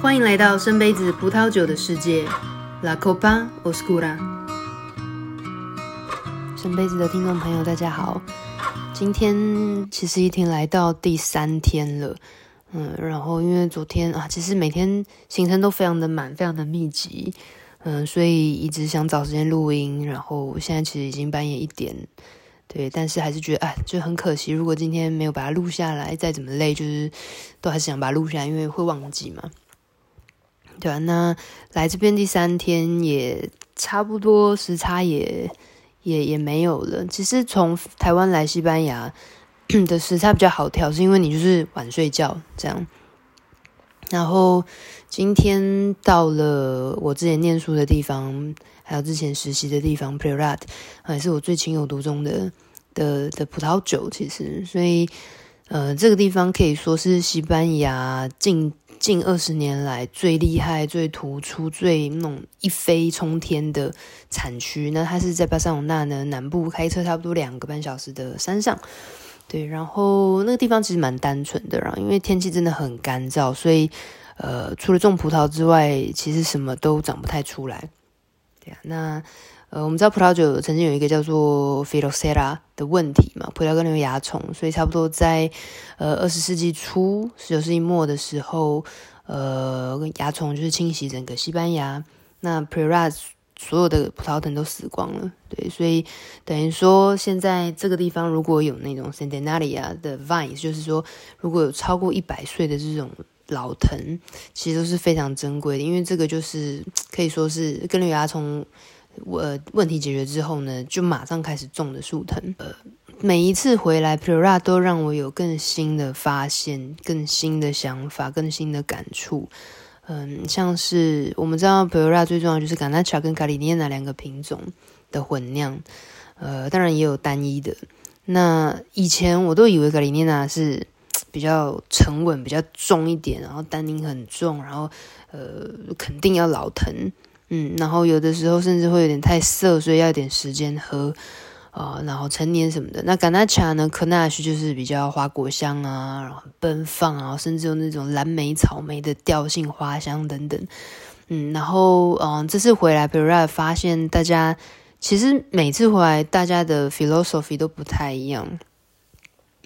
歡迎來到深杯子葡萄酒的世界，La Copa，我是古拉。深杯子的聽眾朋友，大家好。今天其實已經來到第三天了，嗯，然後因為昨天啊，其實每天行程都非常的滿，非常的密集，嗯，所以一直想找時間錄音。然後現在其實已經半夜一點，對，但是還是覺得哎，就很可惜。如果今天沒有把它錄下來，再怎麼累，就是都還是想把它錄下來，因為會忘記嘛。對啊，那來這邊第三天也差不多時差也也也沒有了。其實從台灣來西班牙的時差比較好調，是因為你就是晚睡覺這樣。然後今天到了我之前念書的地方，還有之前實習的地方，Priorat，、er、也是我最情有獨鍾的的的葡萄酒。其實，所以呃，這個地方可以說是西班牙近。近二十年來最厲害、最突出、最那種一飛沖天的產區，那它是在巴塞隆納的南部，開車差不多兩個半小時的山上。對，然後那個地方其實蠻單純的，然後因為天氣真的很乾燥，所以呃，除了種葡萄之外，其實什麼都長不太出來。對呀、啊，那。呃，我們知道葡萄酒曾經有一個叫做菲洛塞拉的問題嘛，葡萄根那個蚜蟲，所以差不多在呃二十世紀初、十九世紀末的時候，呃，蚜蟲就是侵襲整個西班牙，那 Priorat 所有的葡萄藤都死光了。對，所以等於說現在這個地方如果有那種 Centenaria 的 vines，就是說如果有超過一百歲的這種老藤，其實都是非常珍貴的，因為這個就是可以說是跟那個蚜蟲。我問題解決之後呢，就馬上開始種的樹藤。呃，每一次回來，Priorat 都讓我有更新的發現、更新的想法、更新的感觸。嗯、呃，像是我們知道，Priorat 最重要的就是 Garnacha 跟卡里尼亞兩個品種的混釀。呃，當然也有單一的。那以前我都以為卡里尼亞是比較沉穩、比較重一點，然後單寧很重，然後呃，肯定要老藤。嗯，然後有的時候甚至會有點太澀，所以要點時間喝。呃，然後陳年什麼的。那干納恰呢？科納是就是比較花果香啊，然後奔放啊，甚至有那種藍莓、草莓的調性花香等等。嗯，然後，嗯，這次回來比如說發現大家其實每次回來，大家的 philosophy 都不太一樣。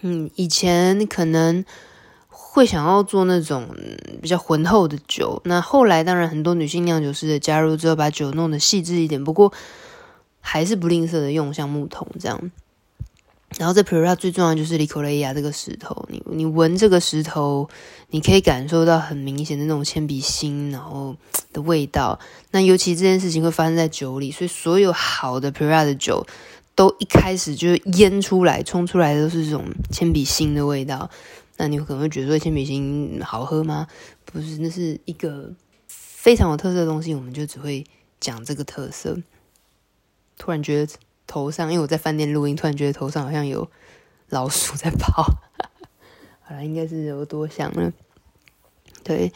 嗯，以前可能。會想要做那種比較渾厚的酒。那後來當然很多女性釀酒師的加入之後，把酒弄得細緻一點。不過還是不吝嗇的用像木桶這樣。然後在 Priorat 最重要的就是 Licorella 這個石頭。你你聞這個石頭，你可以感受到很明顯的那種鉛筆芯然後的味道。那尤其這件事情會發生在酒裡，所以所有好的 Priorat 的酒都一開始就醃出來、衝出來都是這種鉛筆芯的味道。那你可能會覺得說鉛筆芯好喝嗎？不是，那是一個非常有特色的東西，我們就只會講這個特色。突然覺得頭上，因為我在飯店錄音，突然覺得頭上好像有老鼠在跑。 好了，應該是我多想了。對，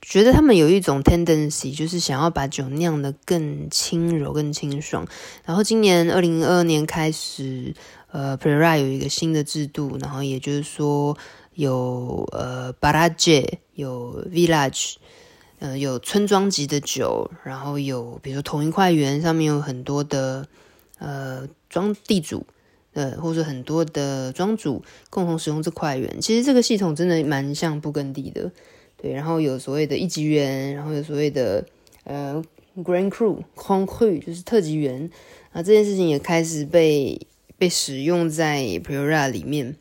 覺得他們有一種 tendency，就是想要把酒釀得更輕柔、更清爽。然後今年二零二二年開始。呃，Priorat 有一個新的制度，然後也就是說有呃 Paratge 有 Village，呃，有村莊級的酒，然後有比如說同一塊園上面有很多的呃莊地主，呃，或者很多的莊主共同使用這塊園，其實這個系統真的蠻像布根地的，對，然後有所謂的一級園，然後有所謂的呃 Grand Cru，Concru 就是特級園，啊，這件事情也開始被。被使用在 Priorat 裡面，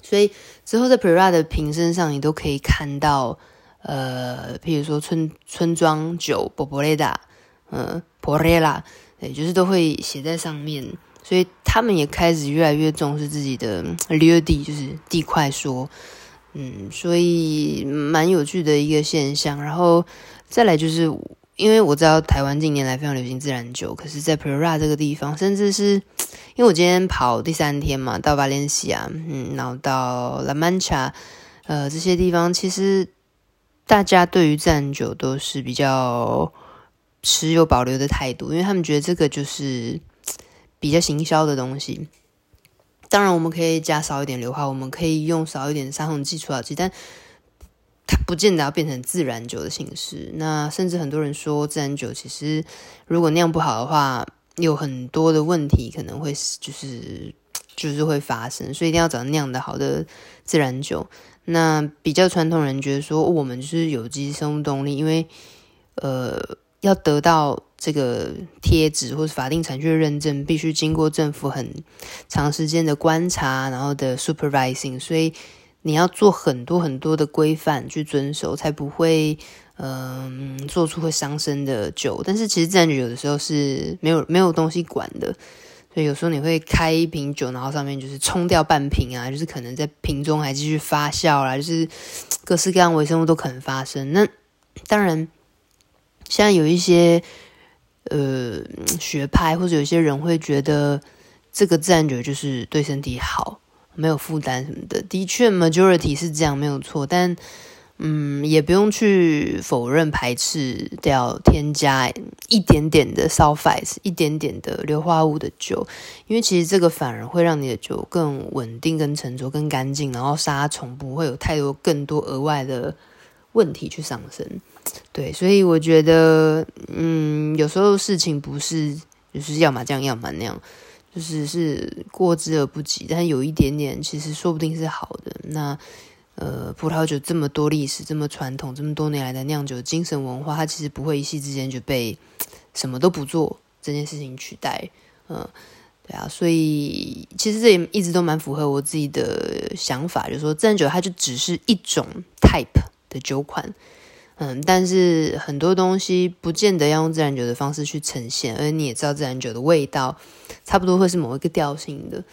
所以之後在 Priorat 的瓶身上，你都可以看到，呃，譬如說村村莊酒 Poboleda 嗯、呃、Porrera 對，就是都會寫在上面。所以他們也開始越來越重視自己的土地，就是地塊說，嗯，所以蠻有趣的一個現象。然後再來就是因為我知道台灣近年來非常流行自然酒，可是，在 Priorat 這個地方，甚至是因為我今天跑第三天嘛，到巴倫西啊，嗯，然後到拉曼恰，呃，這些地方其實大家對於自然酒都是比較持有保留的態度，因為他們覺得這個就是比較行銷的東西。當然，我們可以加少一點硫化，我們可以用少一點殺蟲劑、除草劑，但它不見得要變成自然酒的形式。那甚至很多人說，自然酒其實如果釀不好的話，有很多的問題可能會就是就是會發生，所以一定要找那樣的好的自然酒。那比較傳統人覺得說，哦，我們就是有機生物動力，因為呃要得到這個貼紙或是法定產區認證，必須經過政府很長時間的觀察，然後的 supervising，所以你要做很多很多的規範去遵守，才不會。嗯，做出會傷身的酒，但是其實自然酒有的時候是沒有沒有東西管的，所以有時候你會開一瓶酒，然後上面就是沖掉半瓶啊，就是可能在瓶中還繼續發酵啦、啊，就是各式各樣微生物都可能發生。那當然，像有一些呃學派或者有些人會覺得這個自然酒就是對身體好，沒有負擔什麼的。的確，Majority 是這樣沒有錯，但。嗯，也不用去否認、排斥掉，要添加一點點的 sulfides 一點點的硫化物的酒，因為其實這個反而會讓你的酒更穩定、跟沉着、更乾淨，然後殺蟲不會有太多、更多額外的問題去上升。對，所以我覺得，嗯，有時候事情不是就是要麼這樣，要麼那樣，就是是過之而不及，但有一點點，其實說不定是好的。那。呃，葡萄酒這麼多歷史，這麼傳統，這麼多年來的釀酒精神文化，它其實不會一夕之間就被什麼都不做這件事情取代。嗯，對啊，所以其實這也一直都蠻符合我自己的想法，就是說自然酒它就只是一種 type 的酒款。嗯，但是很多東西不見得要用自然酒的方式去呈現，而你也知道自然酒的味道差不多會是某一個調性的。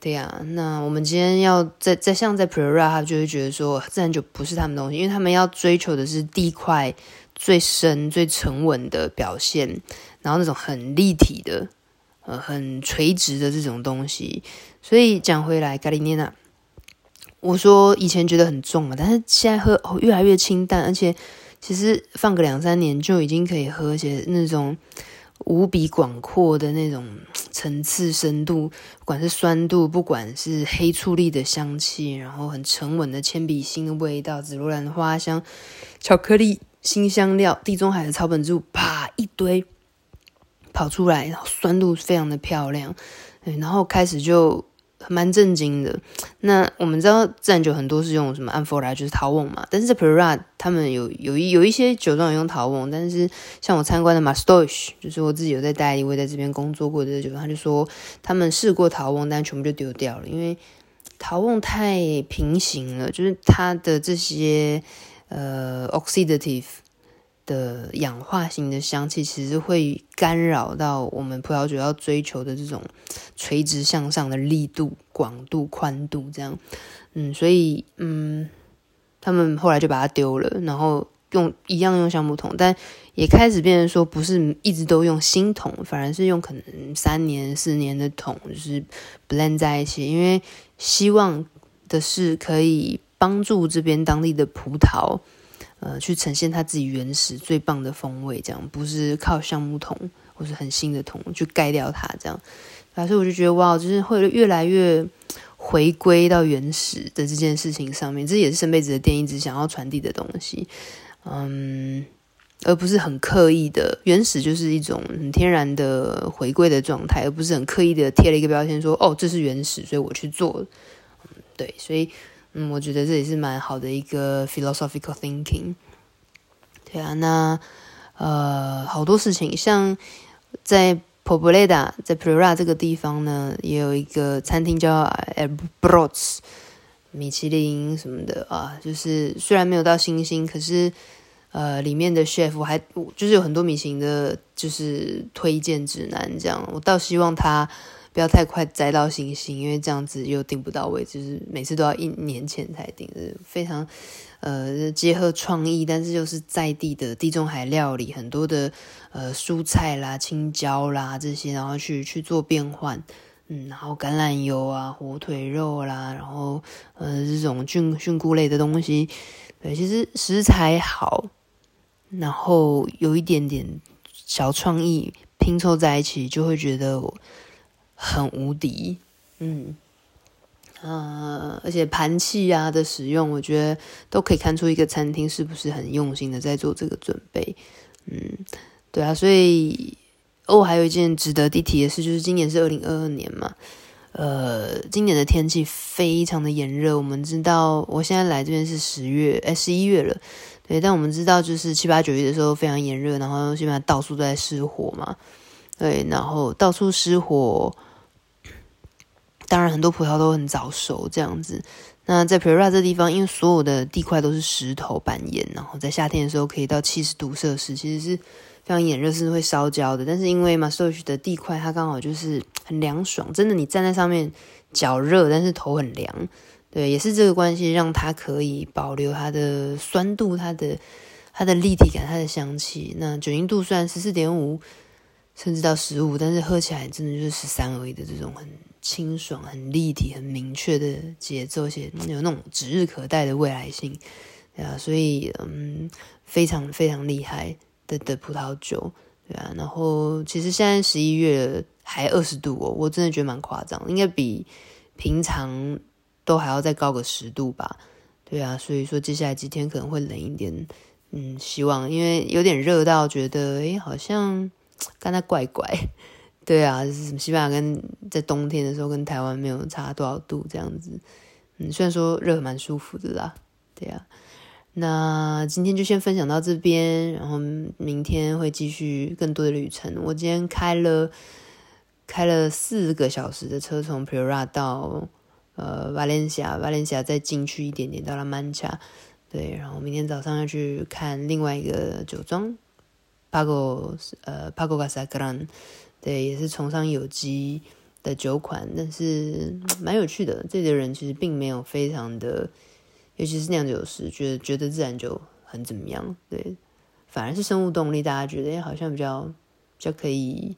對呀、啊，那我們今天要在在像在 Priorat 他，就會覺得說自然酒不是他們東西，因為他們要追求的是地塊最深、最沉穩的表現，然後那種很立體的，呃，很垂直的這種東西。所以講回來，Cariñena 我說以前覺得很重嘛，但是現在喝哦越來越清淡，而且其實放個兩三年就已經可以喝，而且那種無比廣闊的那種。層次深度，不管是酸度，不管是黑醋栗的香氣，然後很沉穩的鉛筆芯的味道，紫羅蘭花香，巧克力、辛香料、地中海的草本植物，啪一堆跑出來，然後酸度非常的漂亮，然後開始就。蠻震驚的。那我們知道，自然酒很多是用什麼安福拉，就是陶甕嘛。但是在 Priorat 他們有有一有一些酒莊也用陶甕，但是像我參觀的 Mas Doix，就是我自己有在代理，我也在這邊工作過的這個酒莊，他就說他們試過陶甕，但全部就丟掉了，因為陶甕太平行了，就是它的這些呃 oxidative。Oxid ative, 的氧化型的香氣其實會干擾到我們葡萄酒要追求的這種垂直向上的力度、廣度、寬度這樣，嗯，所以嗯，他們後來就把它丟了，然後用一樣用橡木桶，但也開始變得說不是一直都用新桶，反而是用可能三年、四年的桶，就是 blend 在一起，因為希望的是可以幫助這邊當地的葡萄。呃，去呈現它自己原始最棒的風味，這樣，不是靠橡木桶或是很新的桶去蓋掉它，這樣。反正我就覺得，哇、哦，就是會越來越回歸到原始的這件事情上面。這也是深杯子的店一直想要傳遞的東西，嗯，而不是很刻意的原始，就是一種很天然的回歸的狀態，而不是很刻意的貼了一個標籤說，哦，這是原始，所以我去做。嗯、對，所以。嗯，我覺得這也是蠻好的一個 philosophical thinking。對啊，那呃，好多事情，像在 Poboleda，在 Praira 這個地方呢，也有一個餐廳叫 Abrotz 米其林什麼的啊，就是雖然沒有到星星，可是呃，裡面的 chef 還我就是有很多米其林的，就是推薦指南這樣，我倒希望他。不要太快摘到星星，因為這樣子又訂不到位，就是每次都要一年前才訂，是非常呃結合創意，但是就是在地的地中海料理，很多的呃蔬菜啦、青椒啦這些，然後去去做變換，嗯，然後橄欖油啊、火腿肉啦，然後呃這種菌菇類的東西，對，其實食材好，然後有一點點小創意拼湊在一起，就會覺得。很無敵，嗯，啊、呃、而且盤器啊的使用，我覺得都可以看出一個餐廳是不是很用心的在做這個準備，嗯，對啊，所以哦，還有一件值得一提的事，就是今年是二零二二年嘛，呃，今年的天氣非常的炎熱，我們知道，我現在來這邊是十月，哎、欸，十一月了，對，但我們知道就是七八九月的時候非常炎熱，然後基本上到處都在失火嘛，對，然後到處失火。當然，很多葡萄都很早熟，這樣子。那在 Priorat 這地方，因為所有的地塊都是石頭板岩，然後在夏天的時候可以到七十度攝氏，其實是非常炎熱，是會燒焦的。但是因為 Mas Doix 的地塊，它剛好就是很涼爽，真的你站在上面腳熱，但是頭很涼。對，也是這個關係讓它可以保留它的酸度、它的它的立體感、它的香氣。那酒精度雖然十四點五，甚至到十五，但是喝起來真的就是十三而已的這種很。清爽、很立體、很明確的節奏，且有那種指日可待的未來性，對啊，所以嗯，非常非常厲害的的葡萄酒，對啊。然後其實現在十一月還二十度哦，我真的覺得蠻誇張，應該比平常都還要再高個十度吧，對啊。所以說接下來幾天可能會冷一點，嗯，希望因為有點熱到覺得誒，好像剛才怪怪。對啊，就是西班牙跟在冬天的時候跟台灣沒有差多少度這樣子，嗯，雖然說熱蠻舒服的啦，對啊。那今天就先分享到這邊，然後明天會繼續更多的旅程。我今天開了開了四個小時的車，從 Priorat 到呃 Valencia，Valencia 再進去一點點到 La Mancha。對，然後明天早上要去看另外一個酒莊。Pago 呃 Pago Casa Gran，對，也是崇尚有機的酒款，但是蠻有趣的。這裡的人其實並沒有非常的，尤其是釀酒師，覺得覺得自然就很怎麼樣，對。反而是生物動力，大家覺得、欸、好像比較，就可以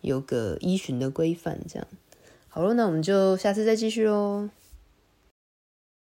有個依循的規範這樣。好了，那我們就下次再繼續嘍。